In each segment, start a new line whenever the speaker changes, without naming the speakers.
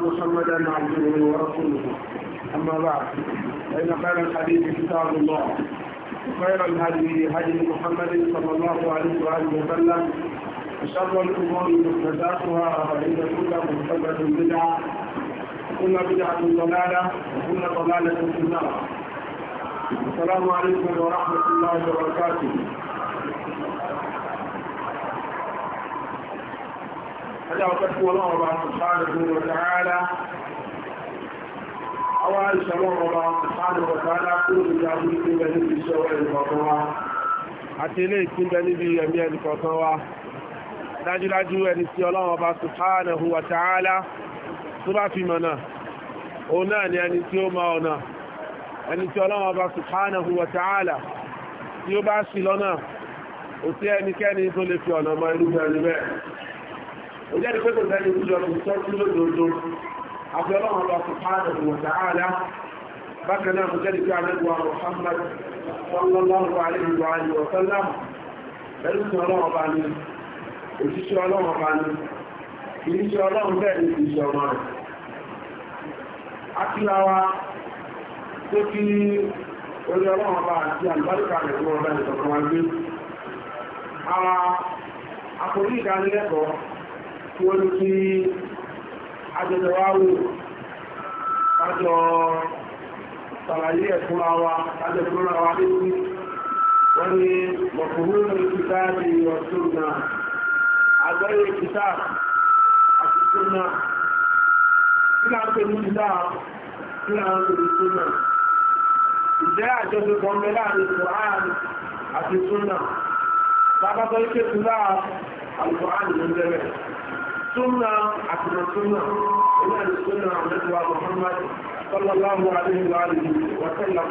محمدا عبده ورسوله أما بعد فإن خير الحديث كتاب الله وخير الهدي هدي محمد صلى الله عليه وآله وسلم وشر الأمور مقتداتها فإن كل مقتدات بدعة وكل بدعة ضلالة وكل ضلالة في النار السلام عليكم ورحمة الله وبركاته aláwọ̀kẹ́kú ọlọ́ọ̀bá subhanahu wa ta'ala awá ìṣọ́lọ́ọ̀bá subhanahu wa ta'ala kúrò nígbà wípé bẹ níbi iṣẹ́ ọwọ́ ẹnìkọ̀ọ̀kan wa àti ilé ìpínlẹ̀ níbi ẹ̀mí ẹnìkọ̀ọ̀kan wa dájúdájú ẹni tí ọlọ́ọ̀bá subhanahu wa ta'ala tó bá fi mọ̀nà òun náà ni ẹni tí ó ma ọ̀nà ẹni tí ọlọ́ọ̀bá subhanahu wa ta'ala tí ó bá sí lọ́nà òtí ẹnikẹ́ni tó lè fi ọ̀nà mọ irúfẹ́ ó jẹ́ pé kò sẹ́ni tí lọ sí tọ́jú lódodo àfi ọlọ́run lọ sí pàdé ìwọ̀ta ààrẹ bákan náà mo jẹ́rìí pé àlẹ́gbọ́ Muhammad sallallahu alaihi wa alihi wa sallam pẹ̀lú sí ọlọ́run bá ní òṣìṣẹ́ ọlọ́run bá ní tó kí orí ọlọ́run bá àti àlùbáríkà rẹ̀ fún ọ̀dá ìṣọ̀kan gbé ara àkòrí ìdánilẹ́kọ̀ọ́ tí wọ́n ní kí ajọ́jọ́wáwò kájọ sàlàyé ẹ̀fúnra wa kájọ fúnra wa létí wọ́n ní mọ̀kùnrin ìpìtà di ọ̀tún náà agbẹ́rẹ́ ìpìtà àti súnà kí láà ń pè ní ìdá kí láà ń pè ní súnà ìjẹ́ àjọṣe kan mẹ́lá ní Quran àti súnà tábàtọ́ ìpèsè náà àlùkò àdìmọ́ súnà àtìmọ̀ súnà ilé àti súnà àmẹ́tùwà Muhammad sallallahu alaihi wa alihi wa sallam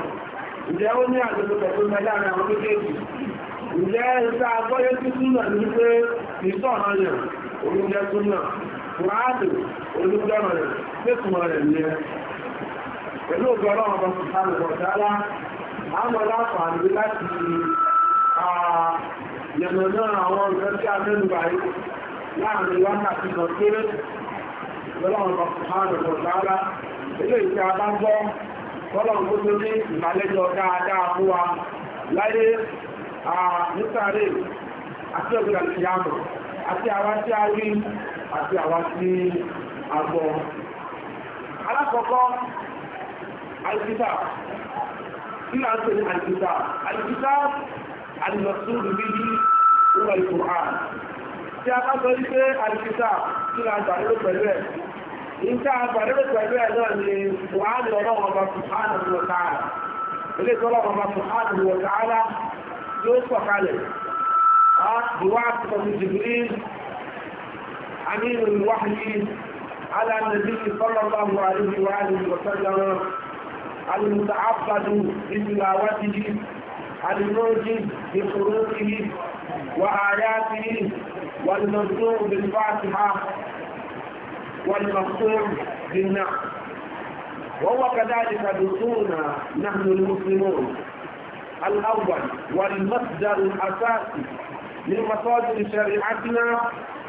ǹjẹ́ ó ní àjọṣepọ̀ tó mẹ́lá ní àwọn méjèèjì ǹjẹ́ ìta agbọ́yé sí súnà ní pé ìsọ̀rọ̀ yẹn olùjẹ́ náà àwọn nǹkan tí a mẹ́nu báyìí láàrin wọ́nà ti lọ kéré lọ́lọ́run ọ̀pọ̀lọpọ̀ ọ̀gbára ilé ìfẹ́ abágbọ́ tọ́lọ̀run tó tó ní ìmàlẹ́jọ dáadáa fún wa láyé nítàrí àti ọ̀gbìn àti yàmù àti àwa tí a rí àti àwa tí a gbọ́ alákọ̀ọ́kọ́ alìkítà ilá ń pè ní alìkítà alìkítà alìlọ́sùn lórí tí a bá sọ wípé àìsíta tí a gbàdúrò pẹ̀lú ẹ̀ níta gbàdúrò pẹ̀lú ẹ̀ náà ni wàhálì ọlọ́run ọba subhanahu wa ta'ala ilé ìtọ́lọ́run ọba subhanahu wa ta'ala ló sọ̀kalẹ̀ a ìwà àtìkọ̀tù Jibril aminu wahyi ala nabi sallallahu الموجب بفروعه وآياته والمرجوع بالفاتحة والمختوم بالنعم وهو كذلك دستورنا نحن المسلمون الأول والمصدر الأساسي من مصادر شريعتنا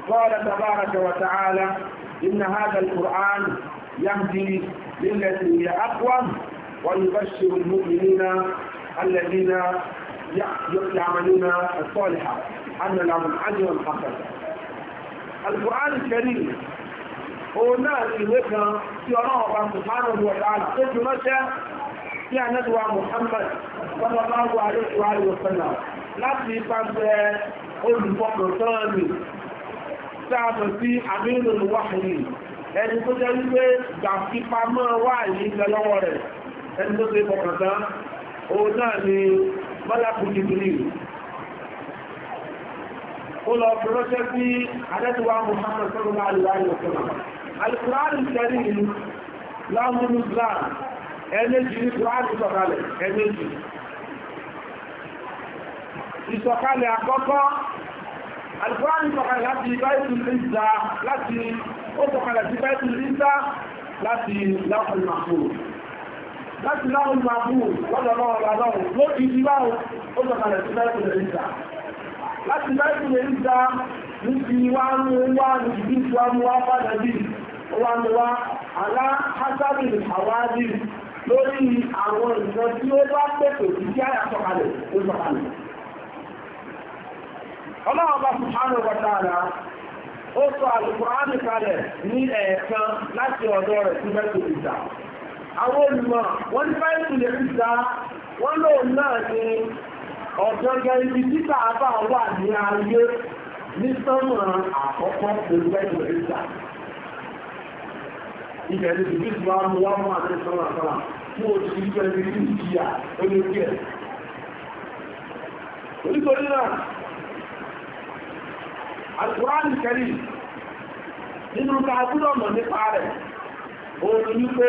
قال تبارك وتعالى إن هذا القرآن يهدي للتي هي أقوى ويبشر المؤمنين الذين يعملون الصالحات أن لهم أجر حسن القرآن الكريم òun náà ni ìwé kan tí ọlọ́run ọba subhanahu wa ta'ala tó jù lọ́ṣẹ́ tí ànẹ́dùwà Muhammad sallallahu alaihi wa sallam láti ipasẹ̀ olùfọkàntánì sáàmù sí Aminul Wahyi ẹni tó jẹ́ wípé gbàfipamọ́ wà yìí lọ́wọ́ rẹ̀ ẹni tó ṣe fọkàntán òun náà ni mọ́lápù jìbìrì ó lọ fi rọ́ṣẹ́ sí adẹ́tùwà Muhammad sọ́rọ̀lá aláàrẹ̀ òkúrò alìkùránì tẹ́lì ìlú láàmúnú islam ẹlẹ́jì ní kùránì sọ̀kalẹ̀ ẹlẹ́jì ìsọ̀kalẹ̀ àkọ́kọ́ alìkùránì sọ̀kalẹ̀ láti báyìí ìlú láti ó sọ̀kalẹ̀ sí báyìí ìlú láti láàrín àkúrò láti láwọn máa bú lọ́dọ̀ lọ́wọ́ lọ́wọ́ lórí ibi ó sọ̀kalẹ̀ sí láìpù ríta láti láìpù ríta ní ti wá ń wá ní ó àwọn olùmọ̀ wọ́n ní báyìí lè fi wọ́n lóòrùn náà ni ọ̀gọ́gẹ́ ibi títà àbá wà ní ayé ní sánmà àkọ́kọ́ pẹ̀lú báyìí ihe nínú ká nípa rẹ̀ òun ní pé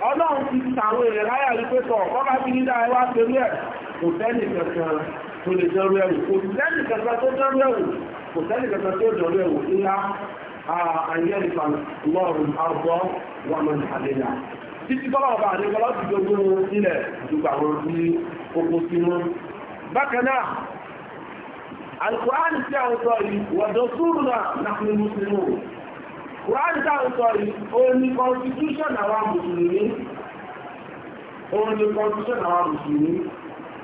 ọlọ́run ti tàwọn èrè láyà rí pé sọ ọ̀kọ́ bá ti ní dáa wá pẹ̀lú ẹ̀ kò tó lè dọ̀rọ̀ ẹ̀wù kò sẹ́nì kẹta tó dọ̀rọ̀ ẹ̀wù kò sẹ́nì kankan tó dọ̀rọ̀ ẹ̀wù ńlá àyẹ̀rìfà lọ́rùn ọba ti a sọ yìí Quran táwọn sọ yìí, òun constitution àwa Mùsùlùmí. Òun ni constitution àwa Mùsùlùmí.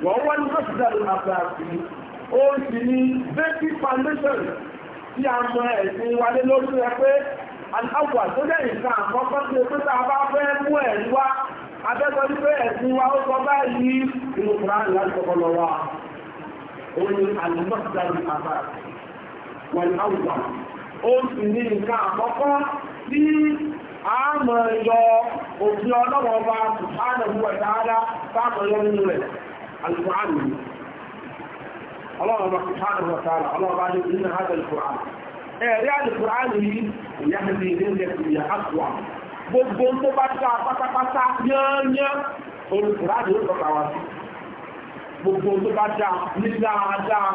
Wọ́n wọ́n ní hospital àfààfì. Ó sì ní basic foundation tí a mọ ẹ̀sìn wa lé lórí rẹ pé aláwọ̀ tó jẹ́ nǹkan àkọ́kọ́ tí o pé tá a bá fẹ́ mú ẹ̀rí wá. Abẹ́kọ̀ọ́ ní pé ẹ̀sìn wa ó sọ báyìí inú Quran láti kọ́kọ́ lọ wá. Òun ni àlùmọ́sí ó sì ní nǹkan àkọ́kọ́ tí a mọ̀ yọ òfin ọlọ́wọ́ bá subhanahu wa ta'ala nínú rẹ̀ alùpùránù ọlọ́wọ́ bá subhanahu dáadáa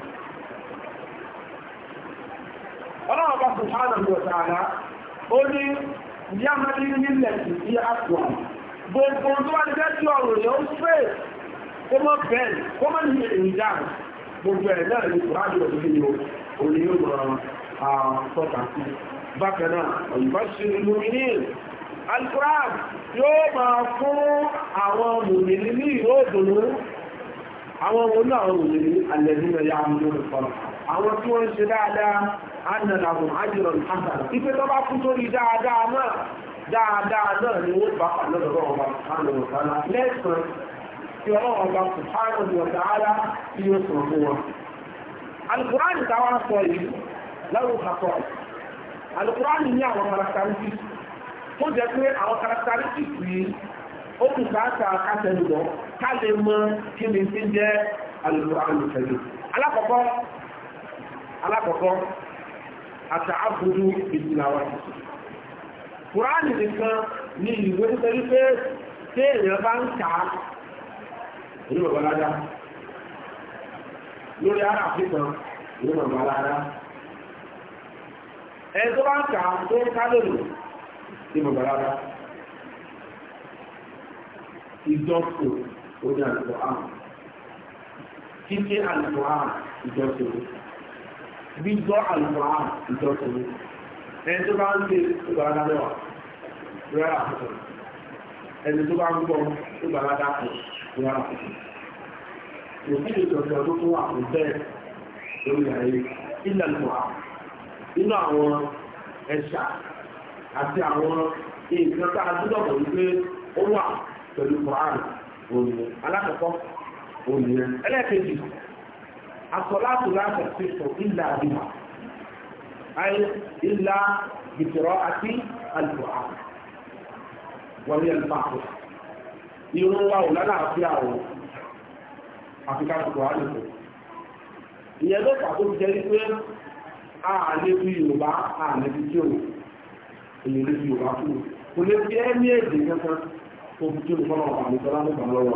subhanahu wa ta'ala ó ní yámẹ́lì nílẹ̀ sí sí àpò gbogbo tó wá jẹ́ tí ọ̀rọ̀ yẹn ó fẹ́ kó mọ́ bẹ́ẹ̀ kó mọ́ ní ìjà gbogbo ẹ̀ náà ní kùrádì ọ̀dún ní òní yóò mọ̀ sọ́kà sí bákan náà ọ̀yìnbáṣe ìlú ní alkuran yóò máa fún àwọn mùmìnì ní ìró òdòdó àwọn wọn náà mùmìnì alẹ́ nínú ya mú annalahum ajran hasan ipe tó bá kú sórí dáadáa náà dáadáa náà ni wọ́n bá pàdé lọ́dọ̀ ọba subhanahu wa ta'ala lẹ́sàn-án tí ọlọ́run ọba subhanahu wa ta'ala tí yóò sọ fún wọn. alukur'an táwa sọ yìí lọ́rùn kakọ́ alukur'an ní àwọn karakitarisis tó jẹ́ pé àwọn karakitarisis yìí ó kù káàkà kásẹ̀lú lọ ká lè mọ kí ni ti jẹ́ alukur'an kẹlẹ̀. alákọ̀ọ́kọ́ alákọ̀ọ́kọ́ àtàkùdù ìdìláwà kùránì nìkan ní ìwé nítorí pé tí èèyàn bá ń kà á ní bàbálájá lórí ara àfihàn ní bàbálájá ẹni tó bá ń kà á tó ń ká lónìí ní bàbálájá ìjọsìn ó ní àlùkò àmì kíkí gbígbọ́ àlùmọ́ ìjọsìn ẹni tó bá ń gbé ìgbàládá mẹ́wàá rẹ́rà àkókò ẹni tó bá ń gbọ́ ìgbàládá kan rẹ́rà àkókò òfin ìjọsìn ọdún tó wà kò bẹ́ẹ̀ lórí ayé ilẹ̀ ìmọ̀ inú àwọn ẹ̀ṣà àti àwọn nǹkan tá a dúdọ̀ mọ̀ asọ́látù láti ṣètò ìlà àbíwá ayé ìlà ìtọ̀rọ̀ àti àlùfáà wọlé ẹ̀lùfáà irun wa ò lálàáfíà o àfikà ṣùgbọ́n àlùfò ìyẹn ló fà tó jẹ́ pé ààlé fi yorùbá ààlé fi tí òun èyí lè fi yorùbá fún kò lè fi ẹ́mí èdè kankan tó fi tí òun fọ́nà ọ̀pá àlùfọ́ lálùfọ́ lọ́wọ́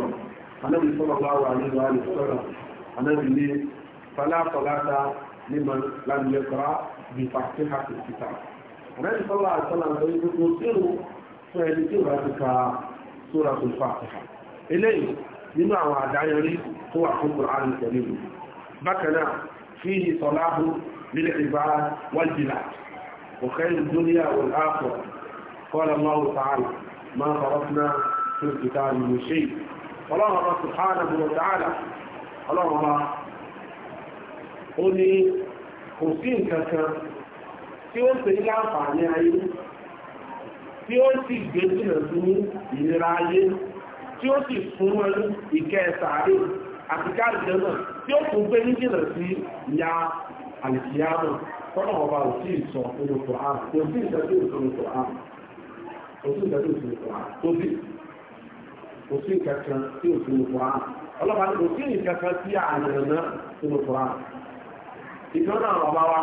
àlẹ́bí sọ́nà láwọ̀ àlùfọ́ fala salata liman lam yaqra bi fatihati kitab ànábì sọ́lá àtọ́lá ló ń gbogbo sírù fún ẹni tí ìwà ti ka suratul Fatiha eléyìí nínú àwọn àdáyọrí tó wà fún Qur'an Karim bákan náà fíhì sọláhù lílẹ̀ ìbára wájìlá وخير الدنيا والآخرة قال الله تعالى ما فرطنا في الكتاب من شيء قال الله سبحانه وتعالى قال الله ó ní kò sí nǹkan kan tí ó ṣe ní ayé tí ó sì gbé jìnà sí ìnira ayé tí ó sì fún wọn ìkẹ́ sàárè àti káàdì náà tí ó tún gbé jìnà sí ìyá àlìkìyàmọ̀ tọ́nà ọba ò sí ìsọ olùkọ́ àrùn kò sí ìsẹ́jú sí ìsẹ́jú olùkọ́ tó ìjọ́nà ọba wa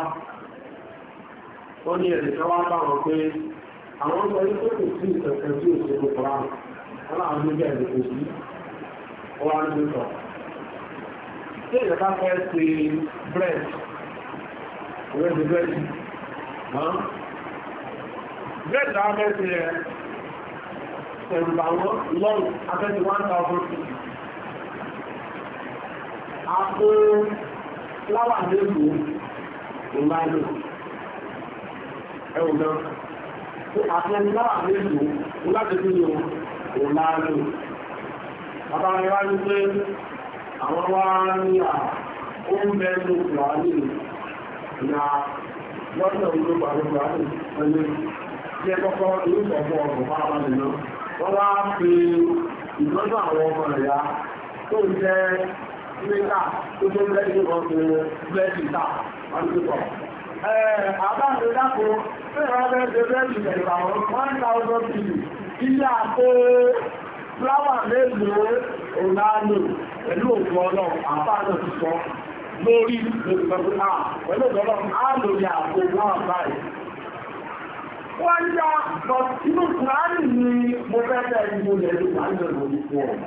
ó ní ẹ̀rẹ̀ kan wá bá wọn pé àwọn ọmọ ẹni tó kò sí ìkẹ̀kẹ́ tí ò ṣe lókọ̀ ráhùn wọn láwọn ló bẹ̀rẹ̀ lókò sí ọwá ń lókọ̀ tí èèyàn bá fẹ́ ṣe bread ìwé ti bread bread náà fẹ́ láwà lẹ́kọ̀ọ́ ìmáàlú ẹ̀wọ̀n náà tó àfẹ́ni láwà lẹ́kọ̀ọ́ láti fi yọ ìmáàlú bàbá rẹ̀ ní pé àwọn wá ní à ó ń bẹ́ ló pùlà ní ìlà lọ́sẹ̀ olóògbé pàdókò àti pẹ̀lú tí ẹ kọ́kọ́ ìlú ọ̀pọ̀ náà wọ́n wá fi ìtọ́jú àwọn ọmọ ìrẹ́ta tó jẹ́ bẹ́ẹ̀dì ilé àpò fúláwà mélòó òlànà pẹ̀lú òkú ọlọ́run àbáǹdé ti sọ lórí lórí pẹ̀lú ọlọ́run á lórí àpò náà báyìí. Wọ́n yá lọ inú Kùránì ni mo fẹ́ fẹ́ ìmúlẹ̀ lórí àjọ̀dún ìfọ̀ ọ̀nà.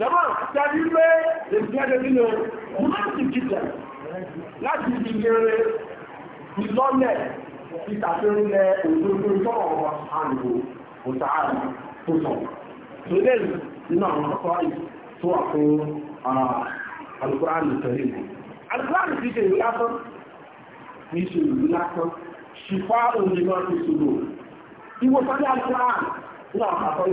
jọba tàbí pé ìgbẹ́dẹ̀ nínú múláàtì kìtẹ̀ láti ibi lere ìlọ́lẹ̀ ìtàfẹ́rúnlẹ̀ òjòjò ìtọ́wọ̀ àrùn òtààrùn tó sọ tó lè nínú àwọn ọ̀pọ̀ tó wà fún alukuraani tẹ̀lé alukuraani ti ṣe ìwé lásán ní ṣe ìwé lásán ṣùfá òun ni wọ́n ti ṣòro ìwòsàn ní alukuraani ní àwọn àkọ́rí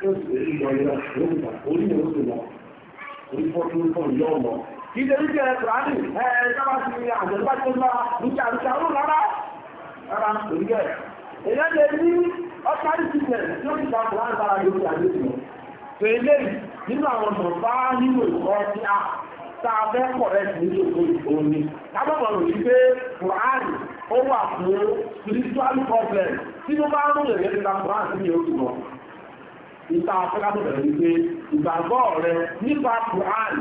e sì lè lọ ilẹ̀ lóògbà orí ni ó lọ orí fọ́tún fọ́ ìyá ọmọ. kì í ṣe lè ní lórí ìta afẹ́kátọ̀ bẹ̀rẹ̀ wípé ìgbàgbọ́ rẹ nípa Quran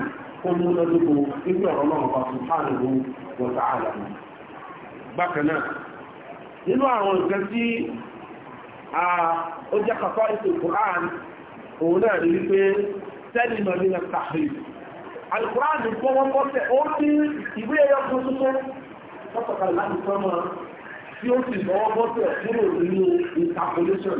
kó mú lọ́dúnkọ nígbà ọ̀rọ̀ náà bá subhanahu wa ta'ala. bákan náà nínú àwọn nǹkan tí ó Quran òun náà rí wípé tẹ́lì mọ̀ nínú tàbí alukuran kó wọ́n kọ́sẹ̀ ó ní ìwé ẹyọ tó tuntun lọ́sọ̀kan láti fẹ́ mọ́ tí ó sì lọ́wọ́ bọ́sẹ̀ kúrò nínú interpolation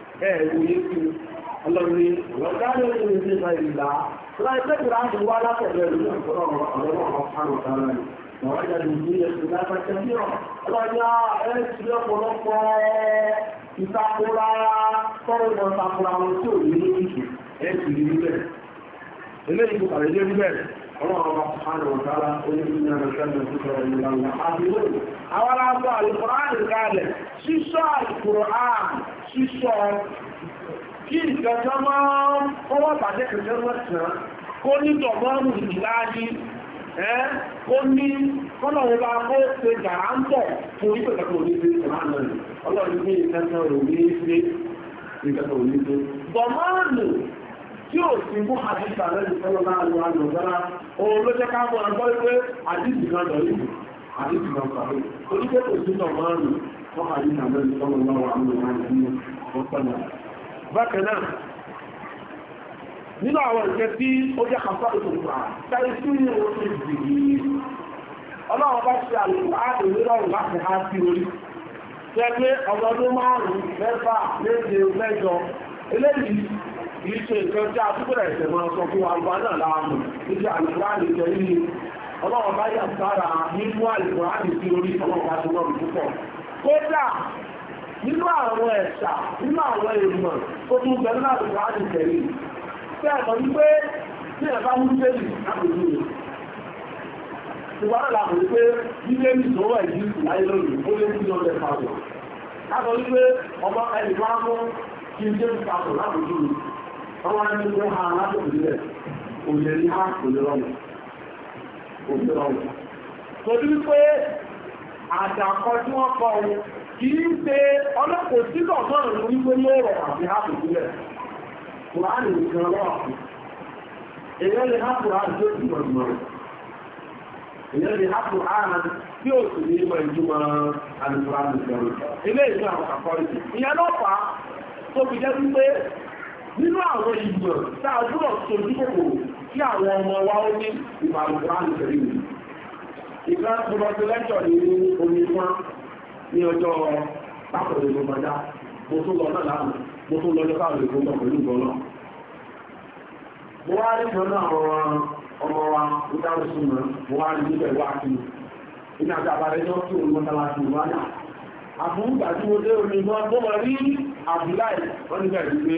ẹ̀rù yéṣu ọlọ́ni ọ̀gádọ́ ìlú ti sọ ìlà láìpẹ́ ìlà ti wá látọ̀dọ̀ ìlú ọ̀pọ̀lọpọ̀ ọ̀pọ̀lọpọ̀ ọ̀pọ̀lọpọ̀ ìtakùra tọ́rọ̀gbọ̀n takùra wọn tí ò ní الله سبحانه وتعالى قل إنا نزلنا الذكر إنا لحافظون أولا القرآن الكريم sísọ القرآن sísọ kí ìgbẹ̀jọ́ máa ń kọ́wọ́ pàdé kẹsẹ̀ lọ́sàn kó ní tọ̀gbọ́n ìgbìláàdí ẹ́ kó ní kọ́nà wọn bá kó ṣe gàrà ń bọ̀ fún ìpẹ̀kẹ̀kẹ̀ tí ò sí mú àdìsà lẹ́nu sọ́lọ́ láàrin wa lọ sára òun ló jẹ́ ká mọ́ ọgbọ́n pé àdìsì náà lọ yìí àdìsì náà pàdé oníṣẹ́ kò sí náà máa rù fún àdìsà lẹ́nu sọ́lọ́ láàrin wa lọ sára bákan náà nínú àwọn ìṣẹ́ tí ó jẹ́ kàfà ìtòkùnrà táyé tí ó ti dìbì ọlọ́run bá ṣe àlùkò àdìrí lọ́rùn láti há sí orí tẹ́gbé ọmọdún márùn-ún mẹ́fà méje mẹ́jọ eléyìí kìí ṣe nǹkan tí a túbọ̀rẹ̀ ẹ̀sẹ̀ máa sọ fún àgbà náà láàmù níbi àlùkò àlùkò yìí ọlọ́run bá yà sára nínú àlùkò àlùkò sí orí ọlọ́run bá ti rọ̀ púpọ̀ kódà nínú àwọn ẹ̀ṣà nínú àwọn èèmọ̀ tó tún bẹ nínú àlùkò àlùkò yìí tẹ́ ẹ̀mọ́ wípé tí ẹ̀ bá mú bébì lápòjú rẹ̀ ìwárà làmù wípé nílé mi tó wà yìí láyé lónìí ó lé ní ọdẹ pàdé látọ̀ wípé ọmọ ẹnì máa mú kí n dé pàtó lápòjú rẹ̀ ọwọ́ ní kó ha alábòbílẹ̀ òlè ní ha òlérọ̀wọ̀ torí pé àdàkọ tí wọ́n kọ ohun kì í ṣe ọlọ́pọ̀ sílọ̀ náà ló ń gbé lóòrọ̀ àti àbòbílẹ̀ nínú àwọn ìgbọ̀n tá a dúró sojú kòkòrò kí àwọn ọmọ wa ó ní ìbàlùkọ́ àlùfẹ́rí mi ìgbà tó lọ sí lẹ́jọ́ ní omi fún ní ọjọ́ pápọ̀lẹ̀ ìgbọ̀nbọ̀dá mo tún lọ náà lánàá mo tún lọ lọ́pàá òlè fún pẹ̀lú ìgbọ̀nà mo wá rí ìgbọ̀nà àwọn ọmọ wa ń dáhùn sí mọ́ mo wá rí níbẹ̀ wá sí iná àti àbárẹ́jọ́ tí òun mọ́tàlá sí wá náà àbúrúgbà tí mo dé omi mọ́ mo rí àbúláì wọ́n níbẹ̀ rí pé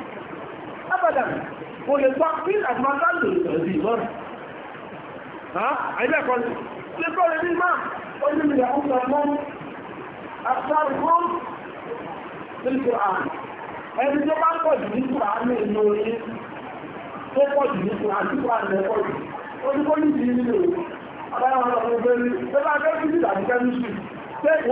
abàdà kò lè gbọ́ kí àtìmọ́sá lè tẹ̀lé ìbọn àìbẹ́ ẹ̀kọ́ lè kọ́ lè ní máa ó ní mi àwọn ọmọ ọmọ àtàrí fún nílùú àmì ẹni tó bá pọ̀ jù ní kùrà ní inú orí tó pọ̀ jù ni kùrà ní kùrà ní ẹ̀kọ́ jù ó ní kó ní ti nílò àbáyọ̀ ọmọ ọmọ ọmọ ọmọ ọmọ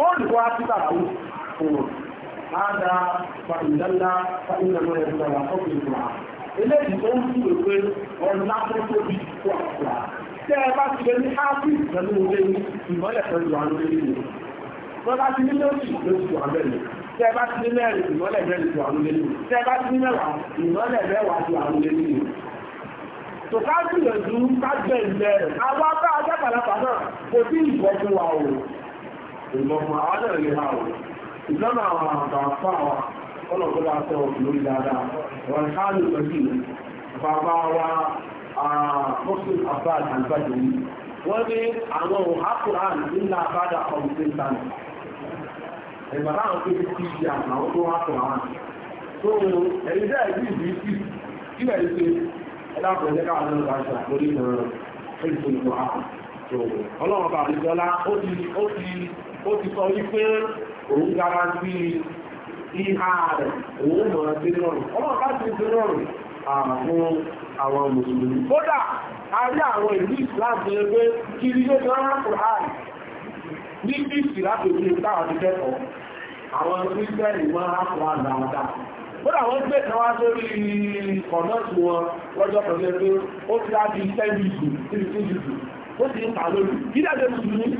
ọmọ ọmọ ọmọ ọmọ ọmọ هذا فإن دل فإنما يتوافق القرآن eléyìí tó ń fún ìwé ọ̀nà tó tóbi fún àpá tẹ́ ẹ bá ti lè ní hápì pẹ̀lú ilé ní ìmọ́lẹ̀ pẹ̀lú àwọn ilé ìlú tó bá ti ní lórí lóṣù àbẹ̀lẹ̀ tẹ́ ẹ bá ti ní mẹ́rin ìmọ́lẹ̀ mẹ́rin tó àwọn ilé ìlú tẹ́ ẹ bá ti ní mẹ́wàá ìmọ́lẹ̀ mẹ́wàá tó àwọn ilé ìlú tó ká gbìyànjú ká gbẹ ìgbẹ́ rẹ̀ àwọn apá ajẹ́pàlápà náà kò sí ìbọ̀ fún wa o ìbọ̀ fún àwọn náà lè ha o lọ́nà àwọn àbàfà wa ọlọ́gbọ́lá tẹ́ òkúlórí dáadáa wọ́n hálù lọ́jì bàbá wa mọ́sùn abad albájò ní wọ́n ní àwọn òhàkùnrán nílá àbádà ọ̀gbìn ọlọ́run bàbá ìjọlá ó ti sọ wípé òun gara sí ìhà rẹ̀ òun mọ̀ sí rọrùn ọmọ ká sí sí rọrùn àwọn àwọn mùsùlùmí kódà a rí àwọn ìlú islam tó yẹ pé kí ilé tó rárá kò hàn ní bíìsì láti òun táwọn ti kẹ́kọ̀ọ́ àwọn kírísítẹ́nì wọn rárá kò hàn dáadáa kódà wọ́n gbé kan wá sórí kọ̀nọ́ọ̀tì wọn lọ́jọ́ kan lẹ́gbẹ́ ó ti láti iṣẹ́ ìlú ìlú ìlú ó ti ń ta lórí kí dájọ́ mùsùlùmí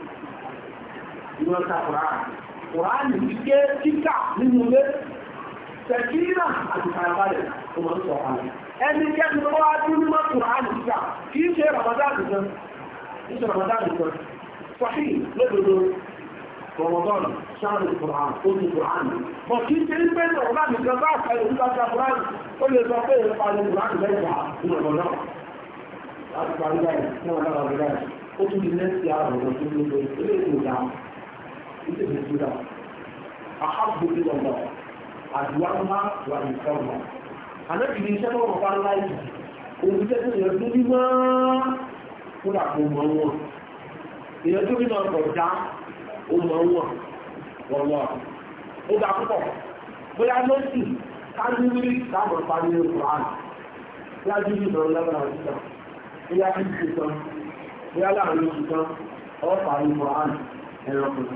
ìwé ọ̀ta kùránì kùránì ké kíkà nínú ilé tẹ̀kílà àti kàràbálẹ̀ tó máa ń sọ àlẹ́ ẹni kẹ́ni tó wá dún ní mọ́ kùránì kíkà kìí ṣe ramadan nìkan kìí ṣe ramadan nìkan sọ́hí lódodo ramadan ṣáàrù kùránì ó ní kùránì bọ̀ kìí ṣe tún di lẹ́sí àwọn ọ̀dọ́ tó ń ìdílé mi tó dáa àhábò ní ọ̀nà àdúrà má wà ní ìfọ̀nà àlẹ́bìí ní iṣẹ́ tó wọ́n bá láì òun jẹ́ tó yẹ tó ní mọ́ fún àpò mọ́ wọn èèyàn tó ní mọ́ ọ̀pọ̀ dá ó mọ́ wọn wọ́n wọ́n ó dá púpọ̀ bóyá lọ́sì kájúwìrì láàbọ̀ parí ní Kùránì bóyá jíjì lọ lọ́wọ́ àwọn ìṣàn bóyá jíjì kan bóyá láàrin oṣù kan ọ̀pàá ní Kùránì ẹ̀rọ kùnú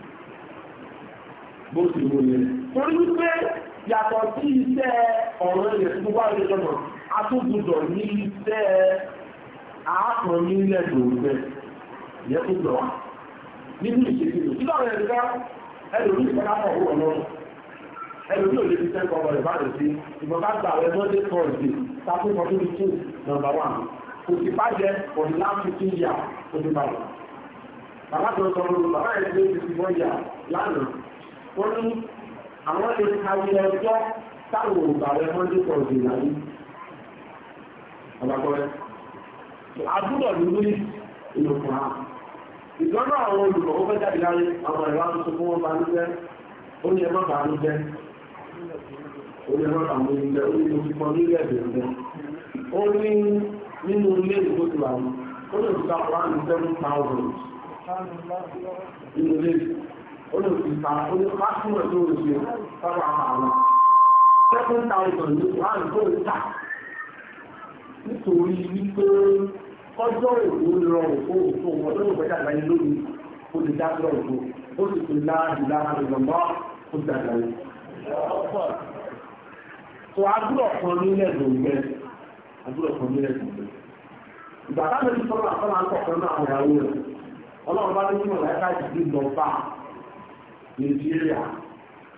bó ti mú yẹn. torí wípé yàtọ̀ sí iṣẹ́ ọ̀rọ̀ yẹn tí mo bá yẹ lọ́nà a tún gbọdọ̀ ní iṣẹ́ àápọn nílẹ̀ lòóbẹ̀ yẹn tó gbọ̀ wá. nínú ìṣèṣe rẹ̀ kí lọ́rọ̀ yẹn ká ẹlòmí ìfẹ́lá pọ̀ wọ̀ lọ́rùn ẹlòmí ò lè fi sẹ́kọ̀ ọmọ rẹ̀ bá rẹ̀ sí ìbọn bá gbà rẹ̀ mọ́dé kọ́ọ̀dì sáfún ọdún ní two number one kò sì bá jẹ for the last fifteen years ó ti bá rẹ̀. bàbá tó sọ fún mi bàbá yẹn ti lé fifty one years lánàá wọ́n ní àwọn lè kárí ẹjọ́ táwọn òǹkà wọ́n dé pọ̀ jù láyé ọ̀làkọ̀rẹ́ àbúrò lórí ìlú kan ìgbọ́nà àwọn olùkọ́ fẹ́ jáde láyé àwọn ìwà ń fún wọn bá ní jẹ́ ó ní ní jẹ́ ní jẹ́ olùsìta olùpásùmọ̀ tó o ṣe sábà àwọn seven thousand ní one tó ń tà nítorí wípé ọjọ́ òru rọrùn fún òfin ọdún òfẹ́jà láyé lórí olùdájọ́ òru ó sì fi lá ìlà àdìgbọ̀nbọ́ ó dàgbà yìí. tó agbúrò kan nílẹ̀ lòmìnir agbúrò kan nílẹ̀ lòmìnir ìgbà táwọn ẹni sọ́nà àkọ́kọ́ náà ọlọ́run bá ní láyé nàìjíríà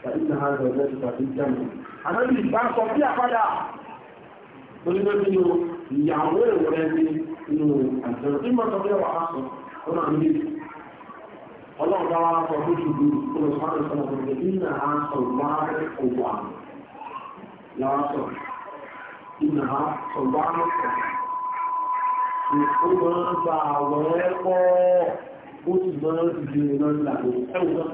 ìdílé àgbẹ̀ ìrẹsì tàbí jẹ́mù àmọ́bí ìgbà sọ bí àpadà onígbẹ́bí ìyàwó ní inú sọ bí ní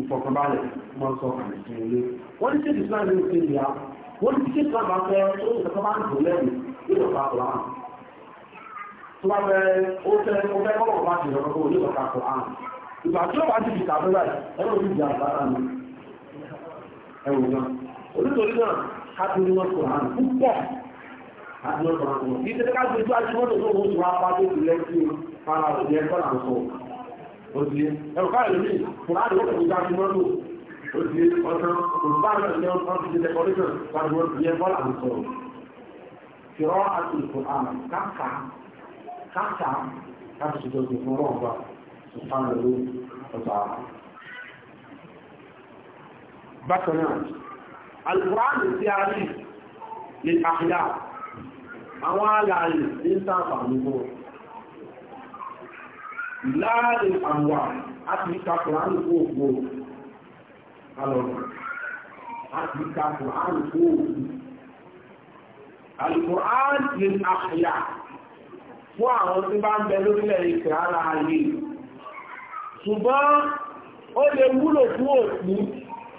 ìfọ̀kànbalẹ̀ mọ́ sọ àmì sí ilé wọ́n ní ṣéèdì islam ní ìpín ìyá wọ́n ní ṣéèdì islam bá fẹ́ ó ń sọ̀kọ́ bá ń dùn lẹ́nu nílò pa àpò àmì tó bá fẹ́ ó fẹ́ ó fẹ́ kọ́kọ́ bá ti rọ̀kọ́ kó nílò pa àpò àmì ìgbà tí ó bá ti fi tàbí rẹ̀ ẹ̀rọ ti di àgbára mi náà onítorí náà ká ti ní wọn kò hàn púpọ̀ àti wọ́n ti wá pátó òdìlé ẹ̀rọ̀ká ìlúmí fúnláàdì ó kùnjá sí mọ́lù òdìlé ọ̀sán olùbáàlẹ̀ ní ọ̀sán ti dẹkọrẹ́sàn láti wọ́n ti yẹ bọ́lá ń sọ̀rọ̀ kìrọ́ àti ìfòhàn káàkà káàkà láti ṣe jọ́sìn fún ọlọ́run bá sùpánà ló ọ̀tà bákan náà alùpùránì tí a rí lè àyà àwọn alààyè ní sáfà nínú láàrin àwà àti ìkàkùn àrùkú ògbò alọ̀rọ̀ àti ìkàkùn àrùkú ògbò alùkùrán ní àṣìyà fún àwọn tí bá ń bẹ lórílẹ̀ ìfẹ́ ara ayé ṣùgbọ́n ó lè wúlò fún òkú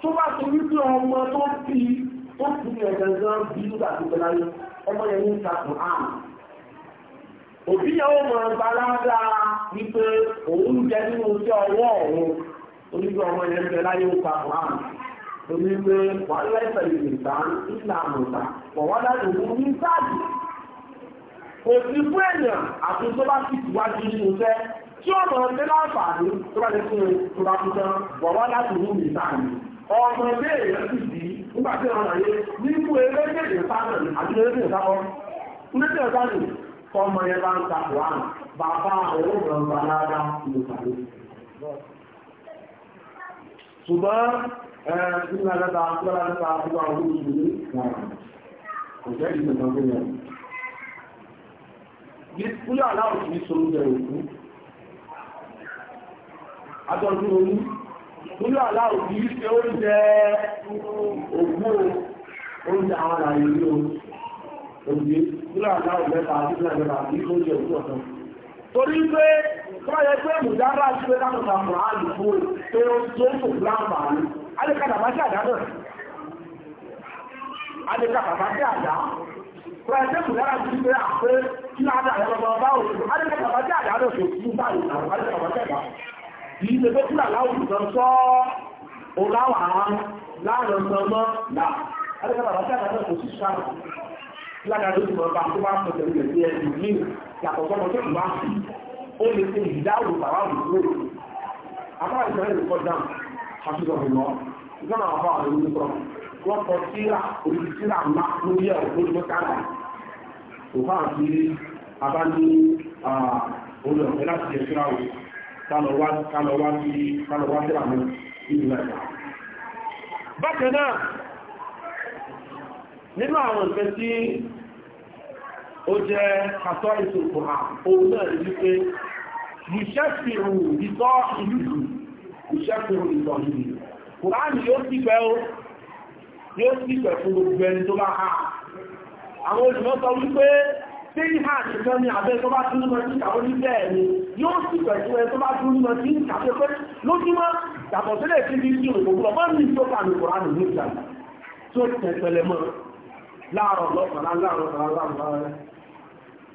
tó bá ti wípé ọmọ tó bí ó kú ẹ̀gẹ̀gẹ̀ bí nígbà tó bẹ̀láyé ọmọ yẹn ní ìkàkùn àrùkú òbí yẹn ó mọ̀ gbalága wípé òun jẹ nínú iṣẹ́ ọwọ́ òun onígbà ọmọ yẹn bẹ láyé ó papọ̀ àmì torí pé wọ́n lẹ́sẹ̀ ìgbìntà ìlànà ìta pọ̀ wọ́n dájú òun ní sáàdì kò sí fún èèyàn àti tó bá sì wájú nínú iṣẹ́ tí ó mọ̀ ní láǹfààní tó bá lè fún un tó bá fún tán pọ̀ wọ́n dájú òun ní sáàdì ọmọ ilé èèyàn sì dì í nígbà tí ọ̀nà yẹn nínú eré tọ́mọ yẹn bá ń ta kùránù bàbá òun ràn balára ló kàlẹ́. ṣùgbọ́n nínú ẹ̀lẹ́ta lọ́la nípa àbúrò àwọn olùsùnmí kò jẹ́ ìlú kan tó yẹ. Bíkúlẹ̀ aláwọ̀ kìí sọ̀rọ̀ jẹ òkú. Àjọ̀dún orí, bíkúlẹ̀ aláwọ̀ kìí ṣe oúnjẹ òkú oúnjẹ àwọn àyè ní oúnjẹ òye torí pé wọ́n pé mùdára ti pé káàkiri àmọ́ àlùkò pé ó tó ń fòkú láǹfààní alẹ́kàdà bá sí àdá náà alẹ́kàdà bá sí àdá wọ́n pé mùdára ti pé àpé kí náà àwọn alẹ́kàdà bá sí àdá lè fẹ́ bá sí àdá ládàá ló ti mọ̀ bá tó bá mọ̀ tẹ̀lé ẹ̀sìn ẹ̀sìn ní yàtọ̀ sọ́mọ tó bá sì ó lè ṣe ìdáwò bàbá òdúró àbá ìṣẹ̀lẹ̀ ìkọ́ dàm àtúntò ìmọ̀ ìgbọ́nà àbá àwọn olùkọ́ wọ́n kọ síra òbí síra má lórí ẹ̀ òkú ló kára òfà àti abá ní olùọ̀fẹ́ láti jẹ síra o kálọ̀ wá sí kálọ̀ wá síra mọ́ ìlú ẹ̀ka. bákan náà nínú àwọn ìfẹ́ sí ó jẹ́ kàtọ́ ìsòkò àwọn náà rí pé ìṣẹ́fìrù ìtọ́ ìlú ìṣẹ́fìrù ìtọ́ ìlú kùránì yóò sì pẹ́ ó yóò sì pẹ̀ fún gbogbo ẹni tó bá ha àwọn olùmọ́sọ wípé tí ní ha ti kan ní abẹ́ tó bá tún mọ́ sí ìkàwó ní bẹ́ẹ̀ ni yóò sì pẹ̀ fún ẹ tó bá tún mọ́ sí ìkàwó pé lójúmọ́ yàtọ̀ sílẹ̀ sí ní ìjì òkú lọ mọ́ ní tó kà ní kùránì ní ìgbà tó tẹ̀pẹ̀lẹ̀ mọ́ láàrọ̀ lọ́sàn-án láàrọ̀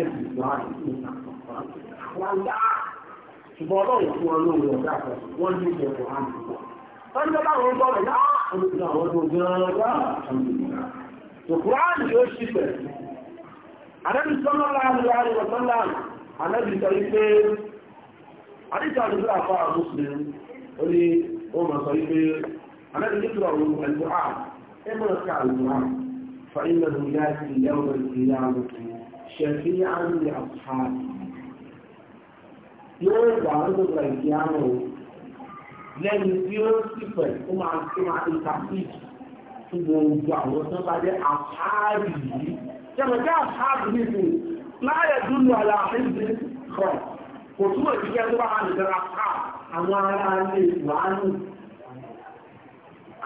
ẹ̀sì ìgbàlá wọn dá ṣùgbọ́n ọlọ́run fún wọn lórí ọ̀dà kan wọ́n ní ìjọ kò hàn jùlọ. wọ́n jẹ́ fa ilẹ̀ ìyá ti ìyá ọmọ ìyá ọmọ ṣẹ̀fí àmì àpáàdì yóò wà lọ́dọ̀ ìgbé àmì o lẹ́nu tí ó sì pẹ̀ ó máa tó máa ń ta fíìsì fún gbogbo àwọn tó bá jẹ́ àpáàdì yìí jẹ́mọ̀ jẹ́ àpáàdì nìkan láyẹ̀ dúró àlà àfẹ́sẹ̀ kọ̀ kò túbọ̀ ìdíkẹ́ tó bá wà nìkan àpáà àwọn ará ilé ìwà nù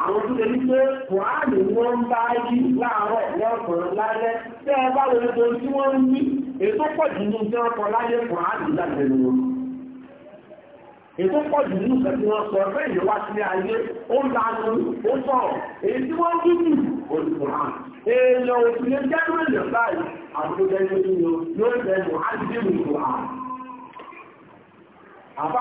àwọn tó lè pé kùránì wọ́n ń bá yí láàárọ̀ lọ́sàn lálẹ́ tẹ́ ẹ bá lórí tó tí wọ́n ń ní ètò pọ̀ jù ní tí wọ́n láyé kùránì jáde ní wọn ètò pọ̀ jù ní ìgbà tí sọ fẹ́ ìyẹ̀wá sí ayé ó lanu ó sọ̀rọ̀ èyí tí wọ́n kí jù ó kùránì èèyàn ò sì lè jẹ́ lórí ìyẹ̀ báyìí àbúrò jẹ́ ní yóò fẹ́ mọ̀ á ti dé mi kùránì àbá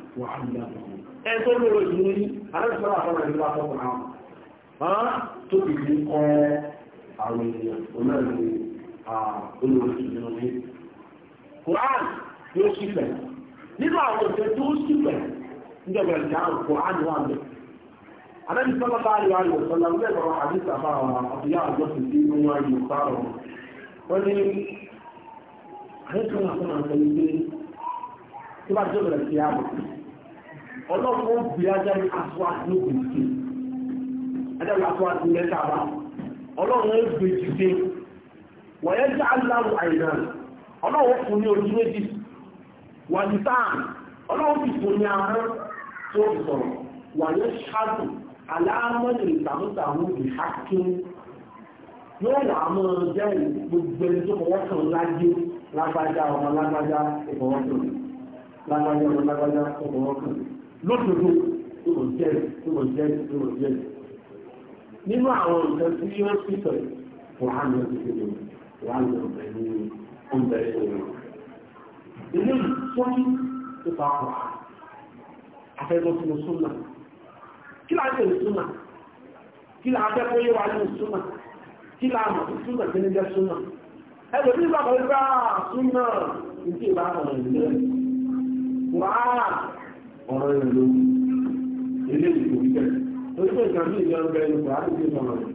ẹ tó lóró ìlú ní alẹ́sọ́rọ̀ àfọ́nà ìlú àfọ́kùn àwọn tó bì ní kọ́ àwọn ènìyàn olóòrùn olóòrùn ìlú ní Quran yóò sì pẹ̀ nínú àwọn òṣè tó sì pẹ̀ níjọba ọlọ́pọ̀ òbí ajáyé aṣọ àti òkùnkùn ajáyé aṣọ àti mẹ́ta bá ọlọ́run ó gbé jìde wọ̀nyẹ́ jẹ́ aláwọ̀ àìràn ọlọ́run fún ní ojú méjì wà ní táà ọlọ́run fi fún ní ahọ́n tó sọ̀rọ̀ wà ní ṣáàbù aláàmọ́lẹ̀ ìtàmútàmú ìhákín yóò wà ọmọ lágbájá ọmọ lágbájá lódodo tó mọ̀ jẹ́ tó mọ̀ jẹ́ tó mọ̀ jẹ́ nínú àwọn nǹkan tí yóò fi tọ̀ wàhálà ti fi lò wàhálà ọ̀bẹ ní ọ̀bẹ ìwọ̀n ilé ìsọ́yí tó bá wà afẹ́gbọ́n sínú súnà kí láà jẹ́ súnà kí láà jẹ́ pé yóò wà ní súnà kí láà mọ̀ sí kí jẹ́ súnà ẹgbẹ̀ tí ìgbà kan gbá súnà ní tí ìbá kan rẹ̀ ọ̀rọ̀ rẹ̀ ló ilé ìdìbò wípẹ̀ tó ní pé ìkan ní ìjọ ń bẹ ẹnu bàá ní ìsọ̀rọ̀ rẹ̀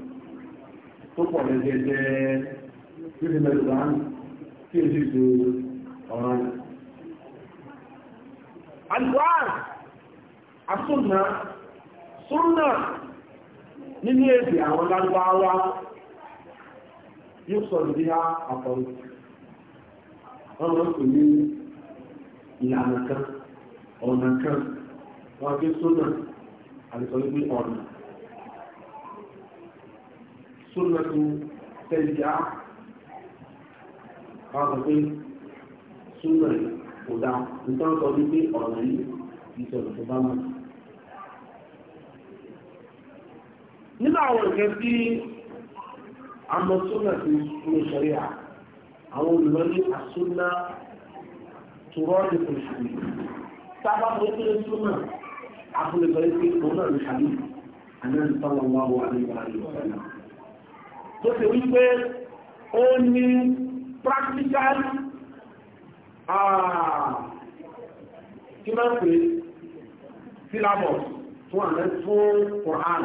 tó pọ̀ lẹ́jẹjẹ tí ti mẹ́lú bàá tí èsì tó ọ̀rọ̀ rẹ̀. Al-Qur'an asúnà súnà nínú èdè àwọn lágbáwá yóò sọ̀rọ̀ bí a àkọ́rọ̀. Wọ́n lọ sí ní ìlànà kan ọ̀nà kan wọ́n gbé sódà àdìsọ́ wípé ọ̀nà sódà tó tẹ́lẹ̀ á wọ́n sọ pé sódà kò dá nítorí sọ wípé ọ̀nà yìí ìṣẹ̀lẹ̀ tó bá mọ̀. nínú àwọn nǹkan tí àmọ́ sódà ti mú ṣẹlẹ̀ àwọn olùmọ̀ ní tó rọ́ọ̀dì kò ṣùgbọ́n sábà pé kí ló súnmọ́ àfúnilọ́ ìpín òun náà ní àlè ànábì sallallahu alaihi wa sallam tó ṣe wípé ó ní practical kí máa pè syllabus fún àmẹ́ fún Quran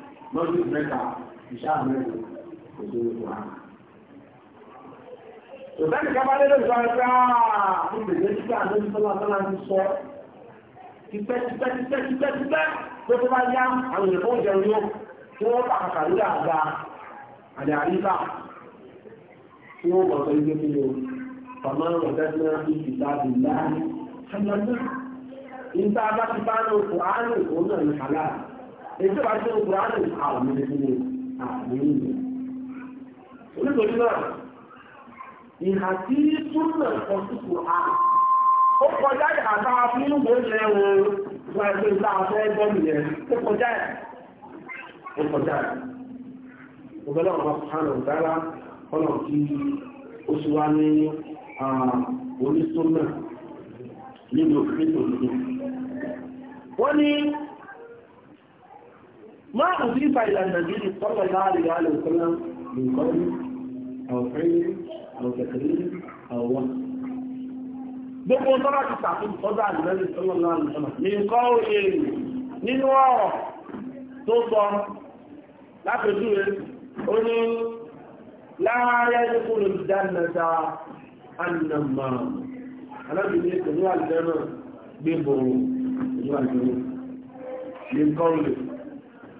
lọ́dún mẹ́ta ìṣá mẹ́rin kò ah, tó lè wà. Òtẹ́ni kábálẹ́ lè sọ ẹgbẹ́ ààrùn ìgbèlè títà lórí tọ́lá tọ́lá ti sọ tipẹ́ tipẹ́ tipẹ́ tipẹ́ tipẹ́ tó tó bá yá àwọn ìrẹ̀kọ́ ìjẹun yóò tí wọ́n bá kàkàrí àgbà àdè àríkà tí wọ́n bọ̀ sọ ilé kílò pàmò ọ̀dẹ́gbẹ́ ní ìtàdì láàrin. Ìta bá ti bá ní oṣù àárín òun náà ní àláàrí èyí tó bá tó àwọn ẹgbẹ́ àwọn ènìyàn onítorí náà ìhà tí túnlẹ̀ ọ̀tútù á ó kọjá ìhà tá a fi ń wò lẹ́ o ẹgbẹ́ tá ó kọjá ẹ̀ ó kọjá ẹ̀ ọgbẹ́ náà wọ́n dára ọ̀nà tí ó sì wá ní onísọ́nà nínú òfin tòlódó wọ́n ní ما أضيف إلى النبي صلى الله عليه وسلم من قول أو فعل أو تقرير أو وصف gbogbo tọ́lá ti tàfin ọdá àdìmẹ́lì sọ́lọ́lá àdìsọ́lá ní nǹkan òye nínú ọ̀rọ̀ tó sọ lápẹjúwe ó ní láàárẹ̀ nípò lè dá nàta ànàmà alábìnrin pẹ̀lú àdìsẹ́nà gbé bòrò pẹ̀lú àdìsẹ́nà ní nǹkan òye